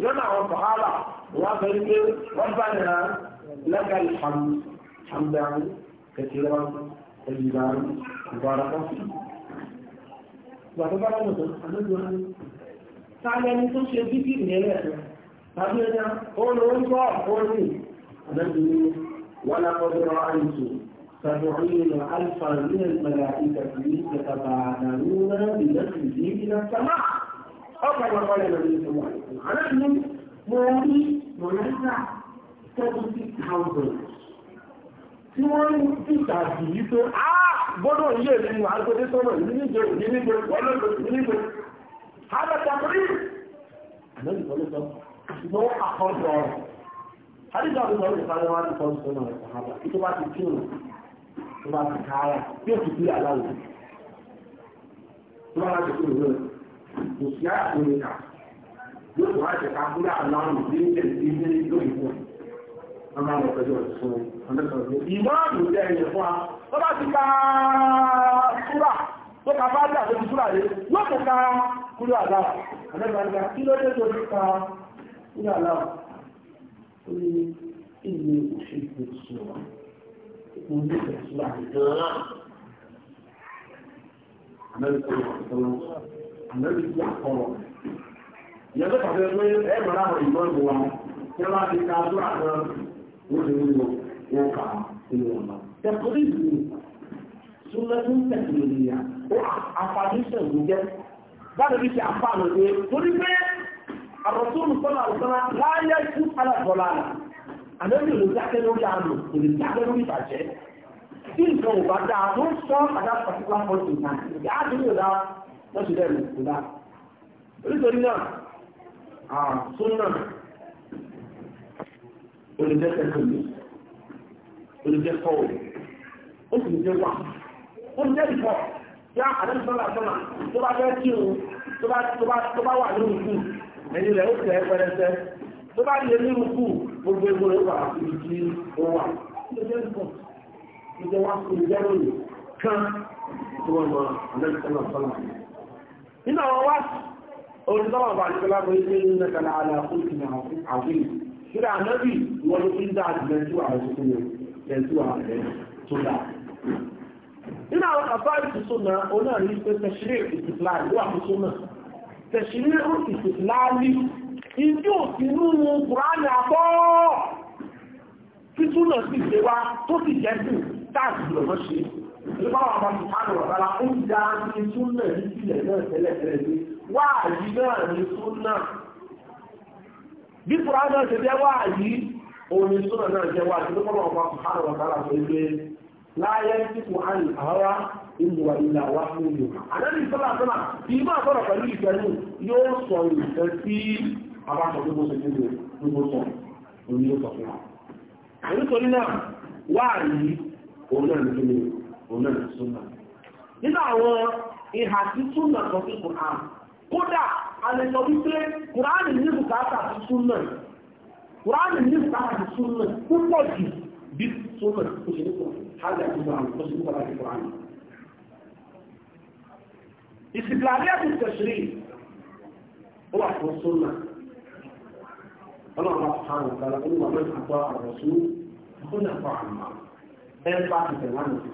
جمع رب تعالى ربنا لك الحمد حمدا كثيرا طيبا مباركا فيه وتبارك مثل الحمد لله في الليلة فبينا قول رب قولي الحمد لله ولقد رأيت سبعين ألفا من الملائكة يتبادلون بنفسه إلى السماء ọkọ̀ ìwọ̀n ọ̀rẹ́ lórí ìwọ̀n ọ̀rẹ́ mi mo rí mọ̀lẹ́sà seventy thousand tí wọ́n ń dìgbà sí i pé á gbọ́dọ̀ ilé mi wà á gbọ́dọ̀ sọ̀rọ̀ nígbè nígbè wọ́lọ́dọ̀ nígbè hábàtàkùrí àná kò sí yóò tó àṣẹ kakúrẹ́ aláwọ̀ ní ẹ̀sìn ní lórí fún ẹ̀. wọ́n máa lọ ọ̀sùn ọ̀dọ́sọ̀rọ̀ ìmọ̀ àdùnjẹ́ ẹ̀yẹ̀ fún wa wọ́n bá ti ka súrà tó ka bá dà tó ka kúrẹ́ aláwọ̀ ọ̀dọ́sọ̀rọ̀ tó ka kúrẹ́ aláwọ̀ ó àmọ́bí ti àkọlọ̀. Ìyàtọ̀ tàbí pé ẹ mọ̀ láwọn ìmọ̀ ìlú wa tí wọ́n bá ti ka tó àgbọn wọ́n ti wúlò wọ́n kà á nínú ọ̀nà. Tẹ̀kọ́lì ìlú súnmọ́tún tẹ̀kìlìyà ó àfàdé sẹ̀wọ̀n jẹ́. Báwo ni ti àfààní pé torí pé àròsóònù sọ́nà àròsọ́nà láyé kú alàbọ̀lá àmọ́bí ìlú dákẹ́ lórí àmì kò lè dákẹ́ lórí ìbàjẹ́. Tí nǹkan ò bá dáa, wọ́n sọ àdá pàtíkà pọ̀ wọ́n ti lẹ́nu kò dá nítorí náà àtúnà olùjẹ́sẹ̀ pẹ̀lú olùjẹ́kọ̀ ó sì jẹ́ wà olùjẹ́sẹ̀ pọ̀ yá àdẹ́sọ́lá sọ́nà tó bá fẹ́ kí òun tó bá wà ní ìlú ẹni rẹ̀ ó tẹ̀ pẹrẹsẹ tó bá lè ní ìlú gbogbo egbò rẹ̀ wà sí ti ó wà olùjẹ́sẹ̀ pọ̀ olùjẹ́ wà sí ìjẹ́ròyìn kan tó wọ́n mọ àdẹ́sọ́lá sọ́nà nínú àwọn wá olùsọ́wọ́ bá ti sọ́lá bóyí pé nínú kan àlà òkè náà àwìn síra ànábì wọn ló fi ń dá àjùlẹ̀ tí wà lóṣù fún ẹ̀ tí wà rẹ̀ tó dà. nínú àwọn àbá ìtúsọ náà ó náà ní pé tẹ̀síré ìtìláì wà fún sọ́nà tẹ̀síré ìtìláì ìdí òsì nínú kùránì àbọ́ títúnà sì ṣe wá tó sì jẹ́ sí táàbù lọ́mọ́ ṣe nípa àwọn ọmọ ìpánu ọ̀bára ó ń da ní súnà ní ìpìlẹ̀ náà tẹ́lẹ̀ tẹ́lẹ̀ pé wáàyí náà ní súnà bí kùrá náà ṣe jẹ́ wáàyí òun ní súnà náà jẹ́ wáàyí tí kò á ní àwárá ìlúwa òun náà súnà nínú àwọn ìhà sí súnà sọ sí kùrán kódà alẹ́sọ wípé kùránì ní bùkátà sí súnà kùránì ní bùkátà sí súnà púpọ̀ jù bí súnà kò ṣe nípa hálẹ̀ ìgbà àwọn kò ṣe nípa láti kùránì ìsìnkàlẹ́ ti àmà ẹ̀ bá ti tẹ̀wá nìkan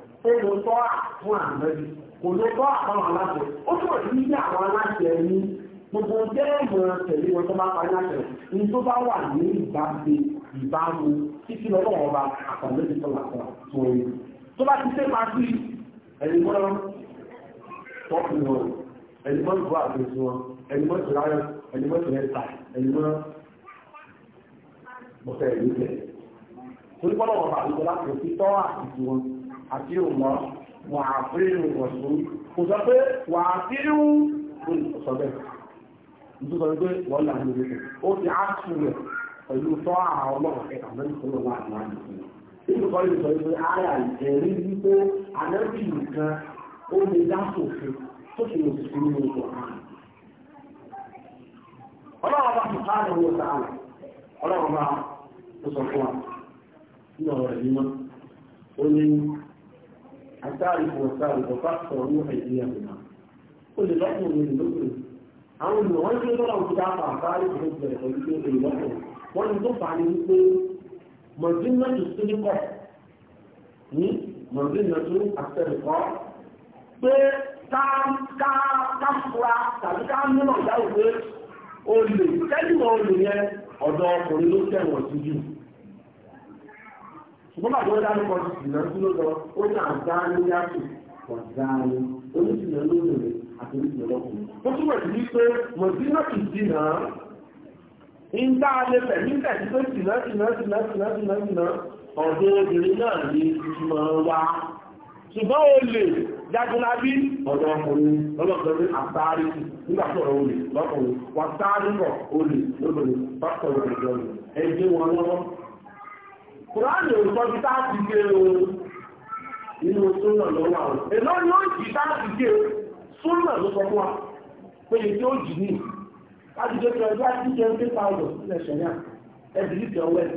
ó àwọn àmọ́bí kò àwọn aláṣẹ ó túbọ̀ sí ní àwọn aláṣẹ ní gbogbo jẹ́ ìmọ̀ràn tẹ̀lé wọn tó bá pa aláṣẹ ní tó bá wà ní ìbáṣe ìbámu títí lọ́wọ́ ọba àtàlẹ́bí tó wà tó rí tó bá ti ṣe máa sí ẹ̀yìn mọ́ tọ́pù wọn ẹ̀yìn mọ́ ìbú àgbèsí wọn ẹ̀yìn mọ́ ìtòláyọ̀ ẹ̀yìn mọ́ ìtòlẹ́ta ẹ̀yìn mọ́ bọ̀tẹ̀ ìlú tẹ̀ torí pọ́lọ́wọ́ bàbá ìtọ́lá kò sí tọ́ àtìsí wọn àti òmọ wà àfíìrù ọ̀sùn kò sọ pé wà àfíìrù sọ bẹ́ẹ̀ nítorí sọ wọ́n là ń lè ó ti á sùn rẹ̀ pẹ̀lú tọ́ àwọn ọlọ́run ọlọ́run bá sùn káàdì owó sáà ọlọ́run bá ó sọ fún wa nínú ọ̀rọ̀ ìlú náà ó ní àtàrífò ọ̀tàrífò pásítọ̀ owó ẹ̀dín ẹ̀mìnà ó lè lọ́kùnrin ní lókùnrin àwọn ènìyàn wọ́n ń gbé lọ́wọ́ òkúta pa àtàrífò tó bẹ̀rẹ̀ pẹ̀lú pé èyí lọ́kùnrin wọ́n ní tó fà á ní wípé mọ̀dínmọ́tò sílíkọ̀ ní mọ̀dínmọ́tò àtẹ̀rẹ̀kọ́ pé káfura tàbí ká mímọ̀ ìdáwó pé olè tẹ́lifọ̀ olè yẹn ọ̀dọ̀ ọkùnrin ló tẹ̀wọ̀n sí jù ṣùgbọ́n bàbá wọn dánú kọjú ìsìnà tí ló lọ ó ní àdáni yàtò ọ̀dáni oníṣìnà lóbìnrin àti oníṣìnà lọ́kùnrin. ó túbọ̀ sí wípé mọ̀sínà kì í dínà ń dá alẹ́ pẹ̀lú ìtẹ̀sí pé sìnà sìnà sìnà sìnà sìnà sìnà ọ̀dọ́ obìnrin náà ní ìmọ̀ wa. ṣùgbọ́n o lè jagunlabi ọ̀dọ́ ọkùnrin lọ́lọ́gbẹ̀rẹ̀ àtàrí nígbà tó ọ̀rọ̀ olè lọ́kùnrin wà sáárùn-ún olè lóbìnrin bá sọ̀rọ̀ ìjọ kùránì òsọ́bí táàtì gé o nínú súnà lọ́wọ́ àwọn èlò ni ó jì táàtì gé súnà ló sọ fún wa pé èyí tí ó jì ní láti jẹ́ pé ọjọ́ àti jẹ́ pé pàwọ̀ sílẹ̀ ṣẹ̀yà ẹ̀dì ní ìjọ wẹ̀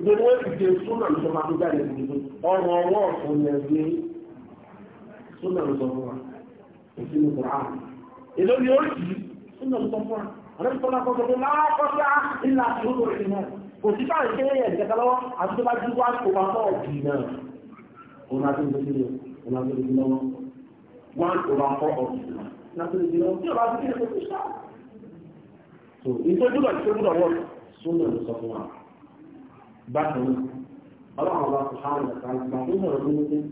ìgbẹ́ wọ́n ti gé súnà ló sọ fún wa tó jáde nínú ọrọ̀ ọwọ́ ọ̀fun yẹn gbé súnà ló sọ fún wa èsì ní kùránì èlò ni ó jì súnà ló sọ fún wa àrẹ́sọ́lá kọ́kọ́ tó láàkọ́sá kò sí báyìí kéré yẹn ìjẹta lọ́wọ́ àti tó bá jí wá kó wa fọ́ ọ̀gì náà òun á tó lè fi òun á tó lè fi lọ́wọ́ wá kó wa fọ́ ọ̀gì náà òun á tó lè fi lọ́wọ́ tí ò bá fi kéré kó sá. so nítorí gbúdọ̀ tí ó gbúdọ̀ wọ̀ súnmọ̀ ló sọ fún wa bákan náà ọlọ́run ọba kò sáà lọ sáà gbà tó sọ̀rọ̀ tó ní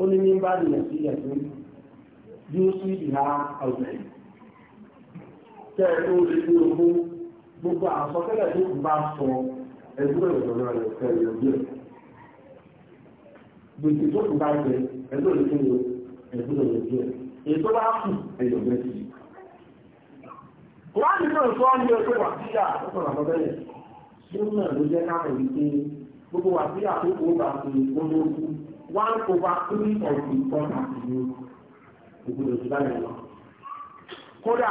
ó ní ní bá nìyẹn sí ìhà ọ̀gbìn tẹ́ ẹ tó gbogbo àsọtẹ́lẹ̀ tó kù bá sọ ẹgbẹ́ ìjọba rẹ̀ fẹ̀rẹ̀ òbí ẹ̀. gbèsè tó kù bá jẹ ẹgbẹ́ ìjọba ẹgbẹ́ òbí ẹ̀. ètò bá kù ẹ̀yọ̀ bẹ́ẹ̀ sí. kùránì náà sọ ọ́ ní ẹgbẹ́ wàsíyà ó sọ̀rọ̀ àsọtẹ́lẹ̀. súnmọ̀ ló jẹ́ ká wípé gbogbo wàsíyà tó kù bá fi olóògùn one over three of the four àti ní gbogbo ìjọba rẹ̀ lọ. kódà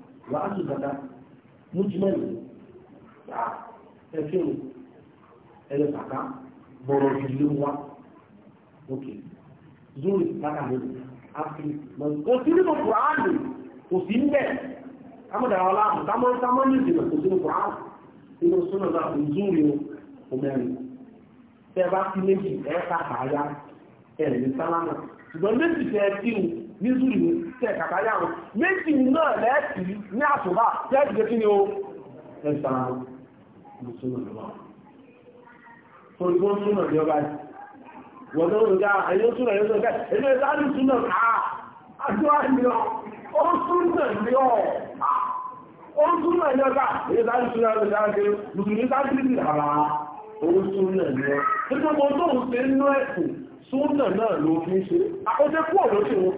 wàá tù dada mú jù mẹ́rin ẹ fi hàn ẹyọ kàkà bọ̀rọ̀ ìlú wa òkè zúrì kàkà mi àfi kò sí nínú kùránì kò sí ń bẹ̀ kámọ̀dára ọlá àmọ́ kámọ́ ní ìdìbò kò sí nínú kùránì nínú súnà náà kò zúrì ní zúrì tẹ́ ya wọn méjì náà lẹ́ẹ̀kì ní àsùbá lẹ́ẹ̀kì jẹ́ kí ni ó ẹ̀sà ní ọba yìí wọ́n tó ń ẹ̀yọ́ súnà yóò sọ́kẹ́ ẹ̀yọ́ ìsáàlù súnà àjọ́wà ní ọ ó súnà ní ọ ó súnà ẹ̀yọ́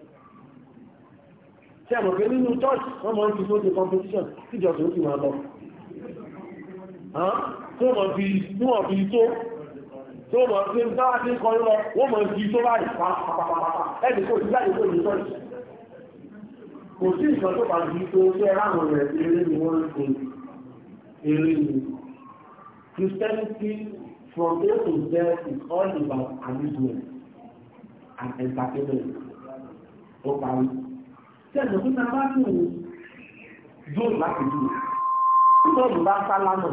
tí a mọ̀ pé nínú church wọ́n mọ̀ ń fi sóde competition tíjọ tó ti máa lọ tó mọ̀ fi tó tó mọ̀ fi ń bá sí kan lọ wọ́n mọ̀ fi tó bá ìfà pàpàpàpà ẹni kò sí láti kó ìjọ kò sí ìkan tó pàdé tó ṣe ráhùn rẹ̀ eré ni wọ́n ń ṣe eré ni Christianity from A to Z is all about amusement and entertainment ó parí tẹ́lẹ̀ tó náà bá tún zone láti dúró nígbà òun bá sálámà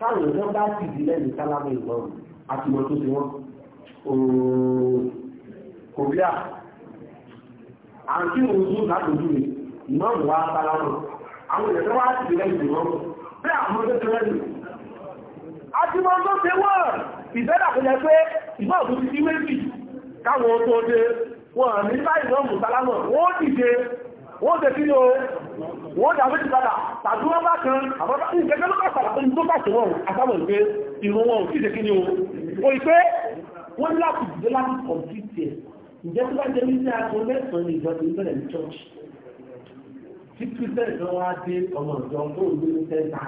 táwọn èèyàn bá ti di lẹ́nu sálámà ìgbọ̀n àti wọn tó ti wọn kò bí à àǹtí òun zone láti dúró ìmọ̀ òun wá sálámà àwọn èèyàn tó wá ti di lẹ́nu ìgbọ̀n pé àwọn tó ti lẹ́nu wọ́n ní báyìí wọ́n mú sálámọ̀ wọ́n dìde wọ́n tẹ̀ sí ní o wọ́n dàbí ti padà tàbí wọ́n bá kan àbọ́bá ní gẹ́gẹ́ ló kàtàlá tó ń tó pàṣẹ wọn àtàwọn ìgbé ìrún wọn sí ìdèkí ní o o ìpé wọ́n ní láti dìde láti kọ̀m̀pútì ẹ̀ ǹjẹ́ tó bá jẹ́ ní aago mẹ́sàn-án ní ìjọba ìbẹ̀rẹ̀ ní church. tí kristian kan wá dé ọmọ ìjọ tó ń gbé ní sẹ́ńtà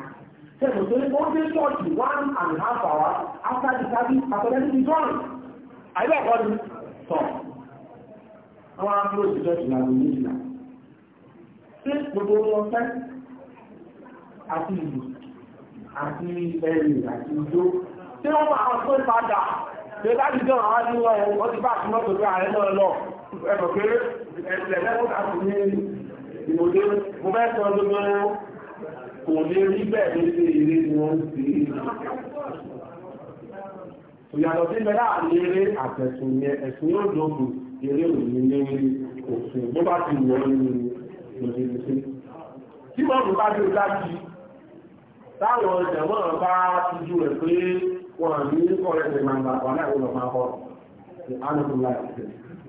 sẹ́ńtà tó ní wọ́n dé chọ́ọ̀chì one and half hour after the service after the service is gone àyẹ̀bẹ̀ kọ́ni sọ̀rọ̀ àwọn akúrò ìjọ́ ìlànà méjìlá tí gbogbo wọn fẹ́ àti ìlú àti ẹ̀rì àti ìjó tí wọ́n máa tó padà tí ó dájú jọ àwọn àdúgbò ẹ̀wọ̀n wọ́n ti bá àti mọ́tò pé ààrẹ náà lọ ẹ̀bọ̀ pé ẹ̀sẹ̀ lẹ́kùn láti ní ìmòdé mo fẹ́ sọ gbogbo kò lè rí bẹ́ẹ̀ ní ṣe eré ni wọ́n ń eré òní ní òfin bó bá ti wọ́n ní òjìlẹ̀sí. Tí wọ́n mú bá dé láti táwọn ìjàmọ́ bá ti jú rẹ̀ pé wọ́n ní ọ̀rẹ́sẹ̀ máa gbà wà láì wọ́n máa kọ́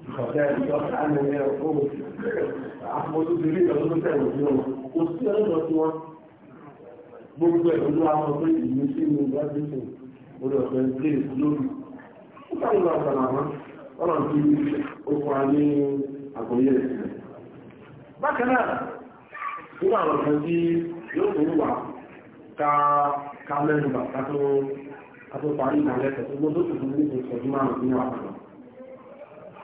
Ìkọ̀tẹ́ ìjọba ní ẹ̀rọ fún àfọ́júbìrí ìjọba tó tẹ̀wọ̀ sí wọn, kò sí ọlọ́dọ̀ tí wọ́n gbogbo ẹ̀ lójú àwọn pé ìmísí ní ìgbàdúgbò orí ọ̀fẹ́ ń gbé lórí. Ó sáré lọ àgbàlá wọn, ọ̀rọ̀ tí ó ń ó ní àgbọ́yé rẹ̀. Bákan náà, nígbà àwọn tí yóò fún wà ká mẹ́rin bà parí ìdálẹ́kọ̀ọ́ tó gbọ́dọ̀ tó fún ní ìṣẹ́jú márùn-ún nínú àpàdà.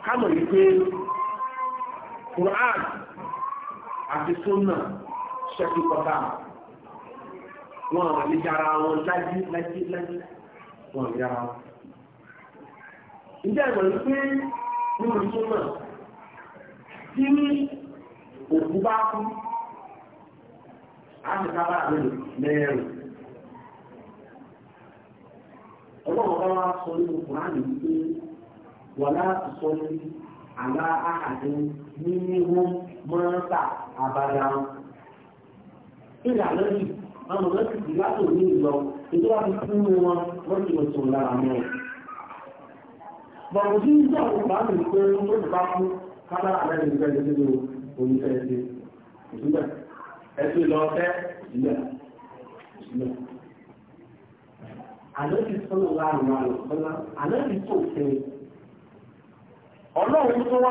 Ká mọ̀ yìí lórí súnmọ̀ tí òkú bá kú á sì ká bá àlejò mẹ́rin. ọlọ́run bá wá sọ nínú kùránì wípé wọlá sọ ní àlá àhàdé ní níhó mọ́ta àbádá ìlànà yìí àwọn ọmọ mẹ́sìkì látò ní ìlọ ìjọba ti fún wọn wọ́n ti lọ sùn lára mọ́ bọ̀wọ̀ sí ìjọ òkúta mi pé ó ti bá fún kábàrà lẹ́nu ìfẹ́ nínú oníṣẹ́ ẹ̀sẹ̀ ìsúnbẹ̀ ẹ̀sẹ̀ lọ fẹ́ ìsúnbẹ̀ ìsúnbẹ̀ àlẹ́sì sọ́nà láàrin àrùn sọ́nà àlẹ́sì tó fẹ́ ọlọ́run àti súnà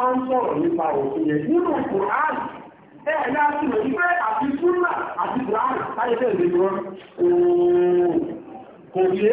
àti kùrán láyé bẹ́ẹ̀ lè lọ kò yé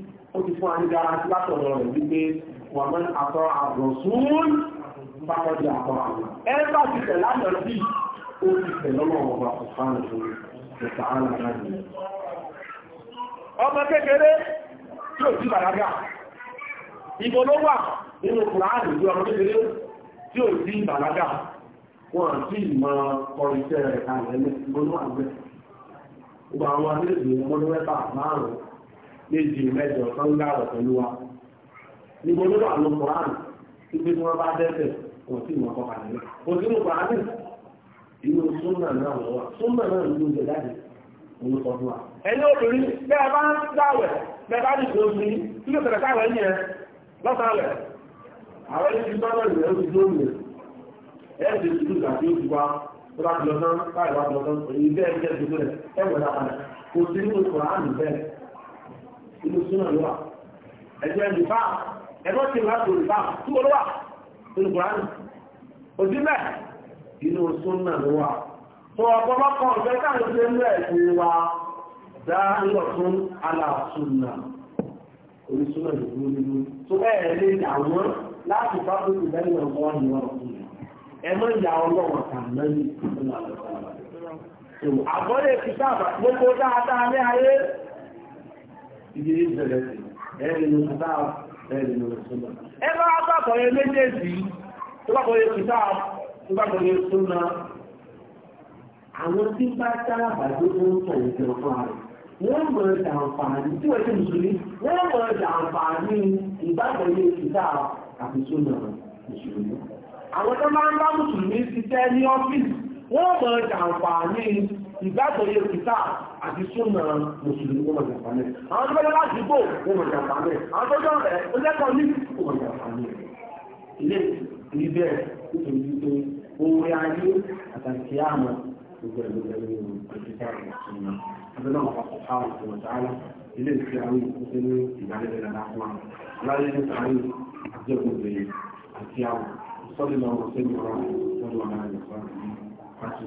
ó ti fún àní dára sí látọ̀rọ̀ rẹ̀ wípé wà mọ́ àtọ́ àrọ̀sún pápọ́dé àtọ́ àwọn ẹgbà ti tẹ̀ látọ̀ sí ó ti tẹ̀ lọ́wọ́ ọba ọ̀sán ọmọ kékeré tí ò sí bàlágà ìbò ló wà nínú kùránì ìlú ọmọ kékeré tí ò sí bàlágà wọ́n sí ìmọ̀ kọrìṣẹ́ rẹ̀ kalẹ̀ ẹgbẹ́ ìbò ló wà gbẹ́ méjì mẹ́jọ tó ń gbàrọ̀ pẹ̀lú wa níbo ló wà ló tí pé tí wọ́n bá dẹ́sẹ̀ kò sí ìmọ̀ ọkọ̀ kàlẹ́ kò sí ìmọ̀ inú náà náà ló ń jẹ jáde òun sọ fún wa. ẹni obìnrin bá ń bá dì tó tẹ̀lé yẹn lọ́sàálẹ̀ àwọn ẹni tí ti ti tutù àti oṣù wa tó bá ti lọ sán báyìí wá inú súnà ló wà ẹ̀jẹ̀ rìbá ẹ̀rọ ti rà tó rìbá tó ló wà nínú kùránì òdì súnà ló tó ọ̀pọ̀lọpọ̀ kan ọ̀fẹ́ káàkiri ṣe ń bẹ́ẹ̀ ṣe fún aláàsúnà onísúnà ló wú nínú tó bẹ́ẹ̀ lé láti ibi ìṣẹ̀lẹ̀ ẹ̀rìn ìṣẹ̀lẹ̀ ẹ̀rìn ìṣẹ̀lẹ̀ ẹ̀bá àpapọ̀yẹ méjèèjì tó bá kọ̀yẹ kìtà tó bá kọ̀yẹ súnmọ́ àwọn tí bá dára bàjẹ́ tó ń tọ̀ ìjọ fún ààrẹ wọ́n mọ̀ ẹ̀dà àǹfààní tí wọ́n ti mùsùlùmí wọ́n mọ̀ ẹ̀dà àǹfààní ìbákọ̀yẹ kìtà àti súnmọ́ mùsùlùmí àwọn tó máa ń bá mùsùlùmí ti tẹ́ ní ọ́fíìsì wọ́n mọ̀ ìgbàgbọ́ ilé kìtà àti súnmọ̀ mùsùlùmí wọ́n mọ̀jà pàmẹ́. Àwọn tó bẹ́lẹ̀ láti bò wọ́n mọ̀jà pàmẹ́. Àwọn tó jọ rẹ̀ ó lẹ́kọ̀ọ́ ní wọ́n mọ̀jà pàmẹ́. Ilé ìbẹ̀ nítorí wípé orí ayé àtàkì àmọ́ gbogbo ẹ̀gbẹ̀rẹ̀ nínú ìkìtà ìsúnmọ̀. Abẹ́lẹ́ wọn kọ̀ káwọn ìwọ̀n sáárá ilé ìfẹ́ àwọn ìkúté ní ìdánilẹ́lẹ́ lápá. Láyé ní